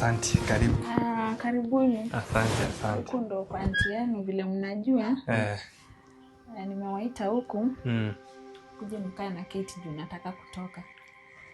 Asante, karibu. Ah, karibuni. Asante, asante. Huku ndo kwa anti yenu vile mnajua. Eh. eh nimewaita huku mm. kuja mkaa na keti juu nataka kutoka.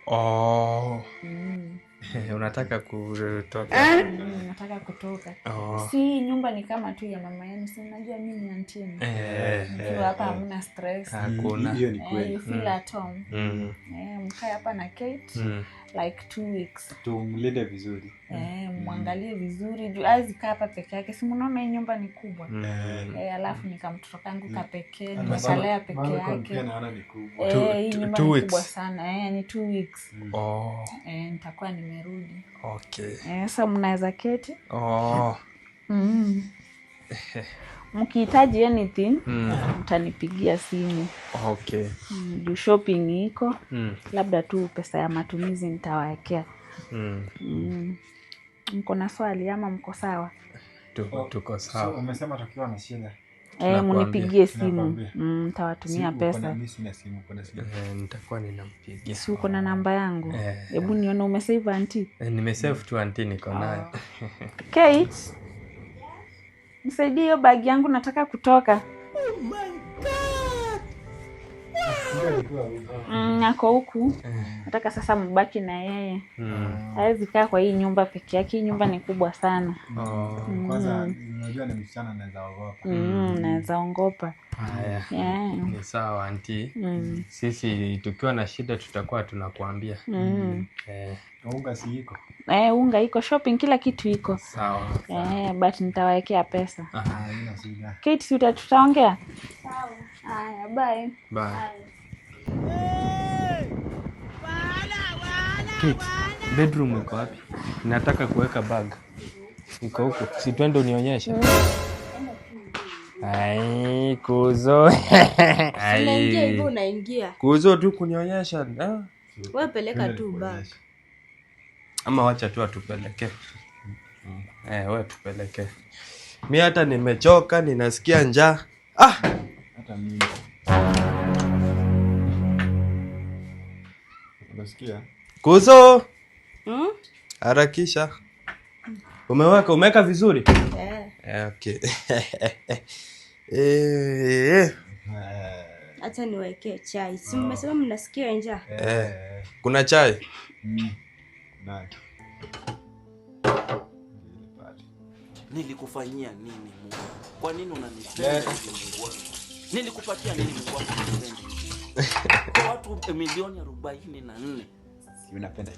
Oh. Mm. Unataka kutoka? Ah. nataka kutoka. Oh. Si nyumba ni kama tu ya mama yenu, si unajua mimi na anti Eh. eh hapa hamna stress. Hakuna. Hiyo ni kweli. Feel hmm. at home. Mm. Eh, mkaa hapa na Kate. Mm like two weeks. Tumlinde vizuri eh, mm. Mm. mwangalie vizuri juu awezi kaa hapa peke yake, si mnaona hii nyumba ni kubwa mm. Eh, eh alafu nikamtoto kangu kapekee nimekalea peke yake eh, hii nyumba ni kubwa sana eh, ni two weeks mm. oh. Eh, nitakuwa nimerudi okay. Eh, sa so mnaweza keti oh. mm mkihitaji anything mm. mtanipigia simu okay. mm, juu shopping iko mm. labda tu pesa ya matumizi hmm. Hmm. mko mm. mm. na swali ama mko sawa tuko, sawa mnipigie eh, simu mtawatumia hmm, mm, pesa eh, nitakuwa ninampigia si uko na namba yangu eh. hebu nione umesave anti nimesave tu anti niko nayo nisaidie hiyo bagi yangu nataka kutoka. Oh my Mm, ako huku, nataka sasa mbaki na yeye hmm. Hawezi kaa kwa hii nyumba peke yake, hii nyumba ni kubwa sana. Oh, hmm. ni ongopa. Mm, hmm. Ni sawa anti Sisi tukiwa na shida tutakuwa tunakuambia eh. unga si eh, iko shopping kila kitu iko sawa, sawa. Eh, but nitawawekea pesa. Ah, tutaongea Haya, bye. Bye. Kate, bedroom iko wapi? Nataka kuweka bag. Iko huko. Si twende unionyeshe. Ai, kuzo. Ai. Unaingia. Kuzo tu kunionyesha. Eh? Wewe peleka tu bag. Ama wacha tu atupeleke. Eh, wewe tupeleke. Mimi hata nimechoka, ninasikia njaa. Ah! kupata mimba. Unasikia? Kuzo. Hmm? Harakisha. Umeweka, umeweka vizuri? Eh. Yeah. Okay. eh. Eh. Acha niweke chai. Si mmesema mnasikia njaa? Eh. Kuna chai? Mm. Nani? Nilikufanyia nini Mungu? Kwa nini unanitenda? nilikupatia nini Mungu kwa watu milioni arobaini na nne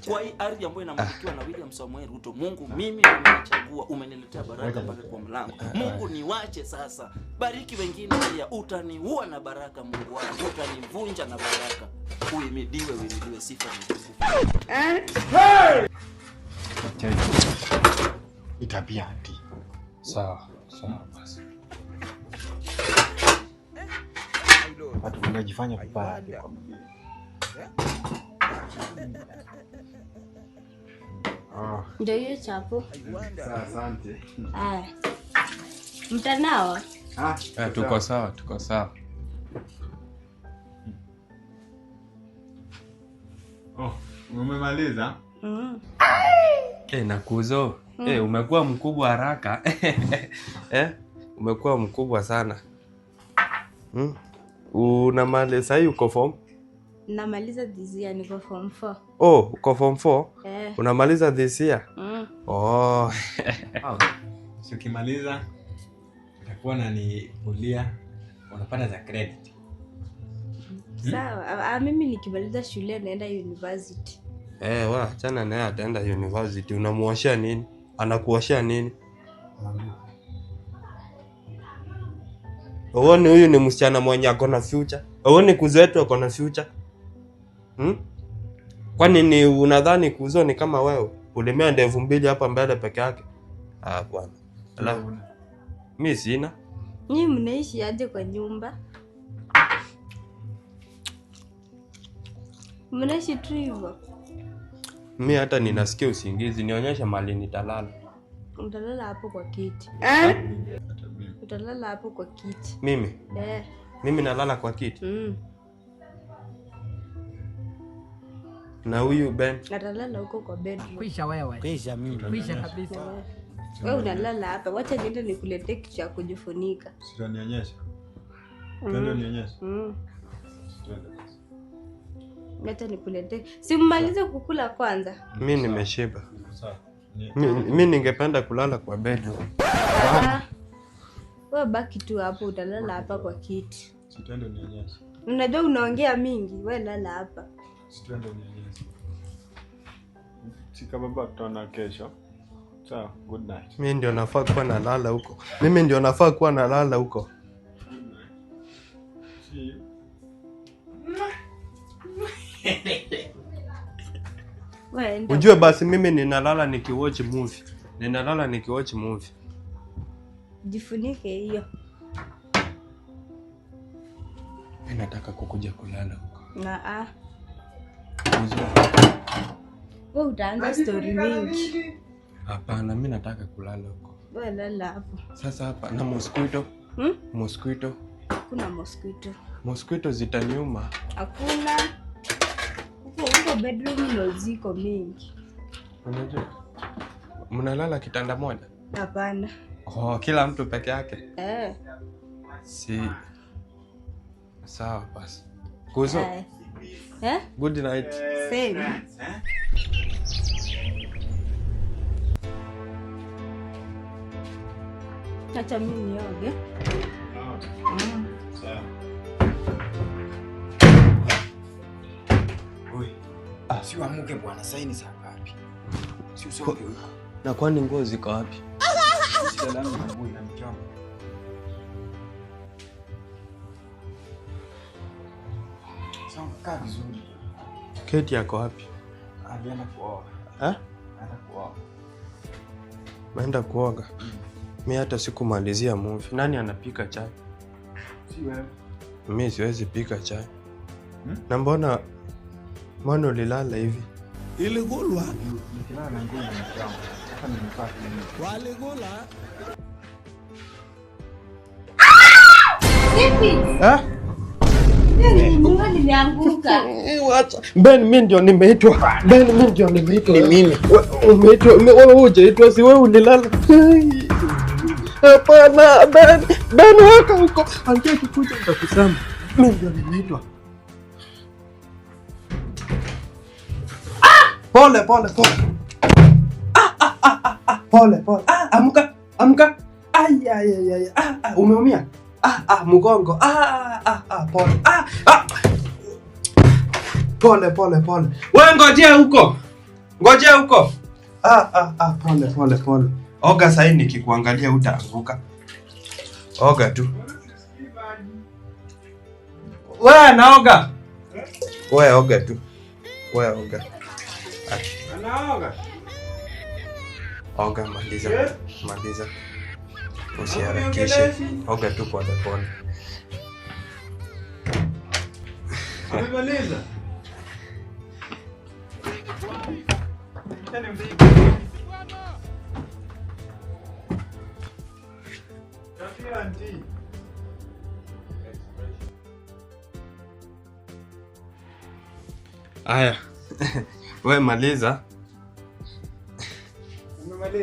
kwa hii ardhi ambayo inamilikiwa ah. na William Samoei Ruto. Mungu, ah. mimi umenichagua, umeniletea baraka mpaka kwa mlango. Ah, Mungu, niwache sasa, bariki wengine pia. Utaniua na baraka, Mungu wangu, utanivunja na baraka. Uimidiwe, uimidiwe, sifa ni eh? tabia. Sawa sawa basi. Watu wanajifanya kupanda. Ndio hiyo chapo. Asante. Haya. Eh. Mtandao? Ah, eh, tuko sawa, tuko sawa. Oh, umemaliza? Mm. Eh, nakuzo. Mm. Eh, umekuwa mkubwa haraka. Eh, umekuwa mkubwa sana. Mm unamaliza sahii uko form namaliza this year, niko form 4. Oh, uko form 4? Eh. Unamaliza this year? Mm. Oh. Ukimaliza utakuwa na ni kulia unapata za credit. Hmm? Sawa, ah, ah, mimi nikimaliza shule naenda university. Eh, wa, chana naye ataenda university. Unamuoshea nini? Anakuoshea nini? Uone huyu ni msichana mwenye ako na future. Uone kuzo wetu ako na future. Hmm? Kwani ni unadhani kuzo ni kama wewe? Ulimea ndevu mbili hapa mbele peke yake. Ah bwana. Alafu mimi sina. Nyinyi mnaishi aje kwa nyumba? Mnaishi tu hivyo. Mimi hata ninasikia usingizi, nionyesha mali nitalala. Utalala hapo kwa kiti. Eh? Ah. Utalala hapo kwa kiti. Mimi? yeah. Mimi nalala kwa kiti. Mm. Na huyu Ben? Atalala huko kwa bedroom. Kwisha wewe. Kwisha mimi. Kwisha kabisa. Eh. Wewe yeah. unalala hapa. Wacha niende nikulete kitu cha kujifunika. Sitanionyesha. Twende nionyeshe. Mm. mm. Wacha nikuletee. Simmalize kukula kwanza. Mimi nimeshiba. Sawa. Mi ningependa kulala kwa bedroom we baki tu hapo utalala hapa kwa kiti unajua unaongea mingi we lala hapa sikababa tutaona kesho sawa good night mi ndio nafaa kuwa nalala huko mimi ndio nafaa kuwa nalala huko ujue basi mimi ninalala nikiwatch movie ninalala nikiwatch movie Jifunike hiyo. Nataka kukuja kulala huko. Na ah. Wewe utaanza story mingi. Hapana, mimi nataka kulala huko. Wewe lala hapo. Sasa hapa na mosquito. Hmm? Mosquito. Kuna mosquito. Mosquito zitaniuma. Hakuna. Huko huko bedroom ndio ziko mingi. Unajua? Mnalala kitanda moja? Hapana. Oh, kila mtu peke yake eh. Si sawa basi. Kuzo. Eh. eh? Good night. Same. Acha mimi nioge. Ah, si wa mke bwana, saini saa ngapi? Si usoge huko. Na kwani nguo ziko wapi? shida langu asubuhi na mchana. Sawa, kaa vizuri. Keti yako wapi? Alienda kuoga. Eh? Alienda kuoga. Maenda kuoga. Mi hata sikumalizia movie. Nani anapika chai? Si wewe. Mi siwezi pika chai. Hmm? Na mbona mbona ulilala hivi? Iligulwa. Nikilala na nguo na mchana. Walikula Ben, mimi ndio nimeitwa. Ben, mimi ndio nimeitwa. Ni mimi. Umeitwa, wewe hujaitwa, si wewe ulilala. Hapana, Ben, Ben waka huko. Angia kikuja nitakusema. Mimi ndio nimeitwa. Pole, pole, pole pole pole, ah, amka amka, ay ay ay ay, ah, ah, umeumia, ah ah, mgongo, ah, ah ah ah, pole, ah ah, pole pole pole, wewe ngojea huko, ngojea huko, ah ah ah, pole pole pole, oga sasa, nikikuangalia utaanguka, oga tu wewe, naoga wewe, oga tu wewe, oga anaoga Oga, maliza maliza, usiharakishe, oga tu pole pole. Yaani Aya, we maliza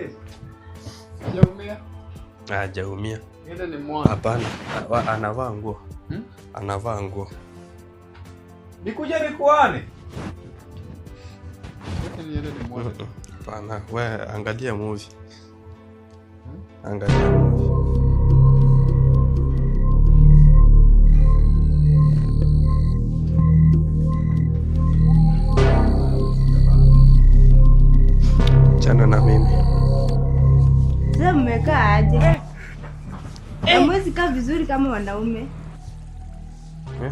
Mzee hajaumia? Hajaumia. Yule ni mwana. Hapana, anavaa nguo hmm? Anavaa nguo. Nikuje nikuane? Yule ni mwana. Hapana, wewe angalia movie. Hmm? Angalia movie. mnakaa aje? Hamwezi eh. Eh. kaa vizuri kama wanaume eh?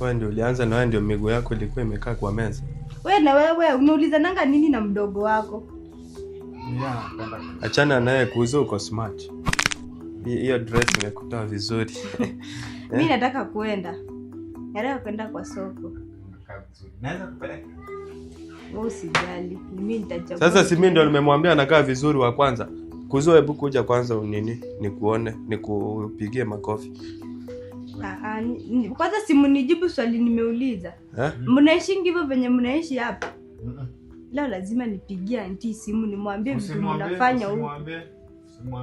Wewe ndio ulianza na wewe ndio miguu yako ilikuwa imekaa kwa meza. Wewe na wewe nanga nini na mdogo wako? Achana naye kuuza, uko smart. Hiyo dress imekutoa vizuri. Mimi eh? nataka kwenda, nataka kwenda kwa soko. Naweza kupeleka sasa si mimi ndo nimemwambia anakaa vizuri wa kwanza. kuzoe hebu kuja kwanza unini nikuone, nikupigie makofi. Ah, ah, kwanza si swali nimeuliza. Mnaishi hivyo venye mnaishi hapa? Leo lazima nipigie anti simu nimwambie vitu huko.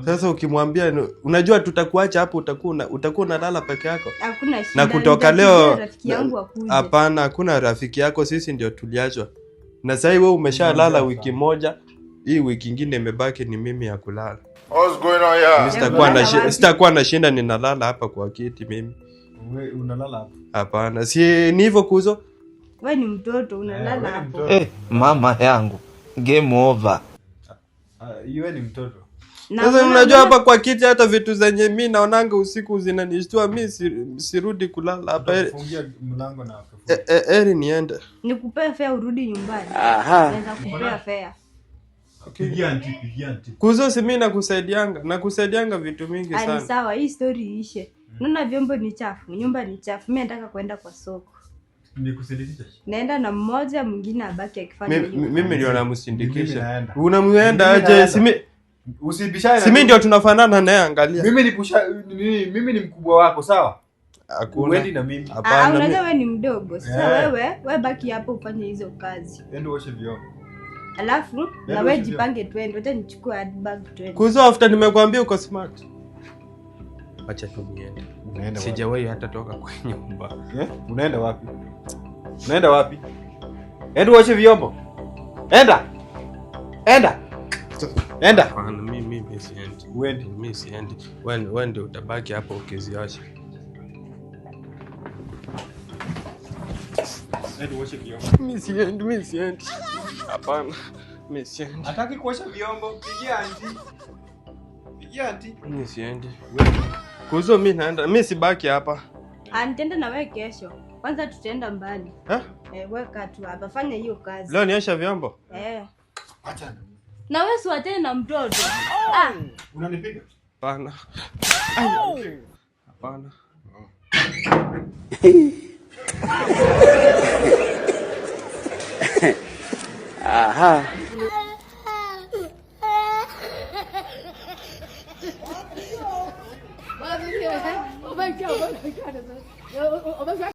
Sasa ukimwambia, unajua tutakuacha hapo, utakuwa utakuwa unalala peke yako. Hakuna shida. Na kutoka leo, hapana, hakuna rafiki yako, sisi ndio tuliachwa na sasa wewe umeshalala wiki moja, hii wiki ingine imebaki ni mimi ya kulala. Sitakuwa na shinda ninalala hapa kwa kiti mimi. unalala hapa? Hapana, si ni hivyo kuzo. Wewe ni mtoto unalala eh, hapo. Eh, mama yangu game over. Yeye ah, ah, ni mtoto sasa unajua hapa kwa kiti hata vitu zenye mi naonanga usiku zinanishtua mi sirudi kulala hapa. E- e- Eri niende nikupea fea urudi nyumbani. Kuzo si mi nakusaidianga nakusaidianga vitu mingi sana. Sawa, hii story ishe. Hmm. Naona vyombo ni chafu, nyumba ni chafu, mi nataka kuenda kwa soko. Naenda na mmoja mwingine abaki akifanya. Mimi ndio namsindikisha. Unamwenda aje? Usibishane. Si mimi ndio tunafanana naye angalia. Mimi ni pusha nini? Mimi ni mkubwa wako, sawa? Hakuna. Wewe na mimi. Hapana. Ah, unajua wewe ni mdogo. Sasa yeah. Wewe wewe baki hapo ufanye hizo kazi. endo washe vyombo. Alafu na wewe jipange twende. wacha nichukue handbag twende. Kuzo after nimekuambia uko smart. Acha tu niende. Unaenda wapi? Sijawahi hata toka kwenye nyumba. yeah? Unaenda wapi? Unaenda wapi? Enda uoshe vyombo. Enda. Enda. Enda. Mimi siendi. Wewe mimi siendi. utabaki hapo ukiziacha. Kuzo mimi naenda. Mimi sibaki hapa. Anitenda ah, na wewe kesho. Kwanza tutaenda mbali. Eh? Eh, wewe tu hapa. Fanya hiyo kazi. Leo niosha vyombo? Eh. Acha na wewe siwatene na mtoto. Oh. Ah. Unanipiga? Hapana. Oh. Hapana. Oh.